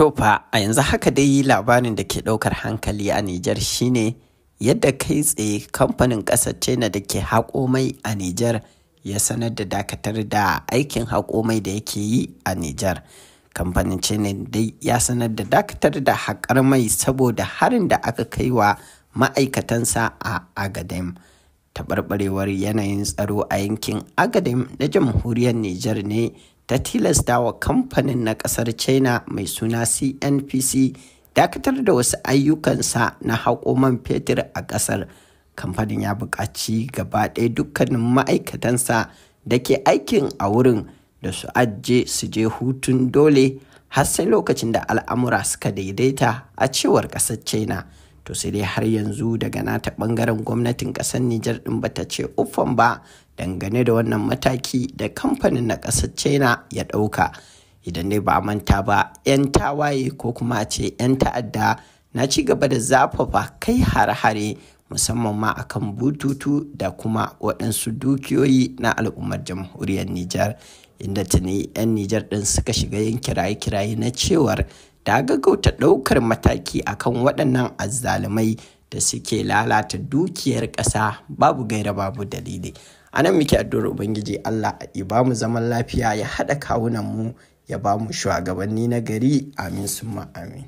To a yanzu haka dai labarin da ke ɗaukar hankali a Nijar shine yadda kai tsaye kamfanin ƙasar China da ke haƙo mai a Nijar ya sanar da dakatar da aikin haƙo mai da yake yi a Nijar. Kamfanin China dai ya sanar da dakatar da haƙar mai saboda harin da aka kai wa ma'aikatansa a Agadem. Taɓarɓarewar yanayin tsaro a yankin Agadem na jamhuriyar Nijar ne ta tilasta wa kamfanin na kasar China mai suna CNPC dakatar da wasu ayyukansa na haƙo man fetur a ƙasar. Kamfanin ya buƙaci gaba ɗaya dukkanin ma'aikatansa da ke aikin a wurin da su ajiye su je hutun dole har sai lokacin da al'amura suka daidaita a cewar ƙasar China. to sai dai har yanzu daga nata bangaren gwamnatin kasar Nijar din bata ce uffan ba dangane da wannan mataki da kamfanin na kasar China ya dauka idan dai ba manta ba 'yan tawaye ko kuma a ce 'yan ta'adda na ci gaba da zafafa kai har hare musamman ma akan bututu da kuma waɗansu dukiyoyi na al'ummar jamhuriyar Nijar inda tuni 'yan Nijar ɗin suka shiga yin kiraye-kiraye na cewar ta gaggauta ɗaukar mataki a kan waɗannan azzalumai da suke lalata dukiyar ƙasa babu gaira babu dalili a nan muke addu'ar ubangiji allah ya ba mu zaman lafiya ya haɗa kawunan mu ya ba mu shugabanni na gari amin summa amin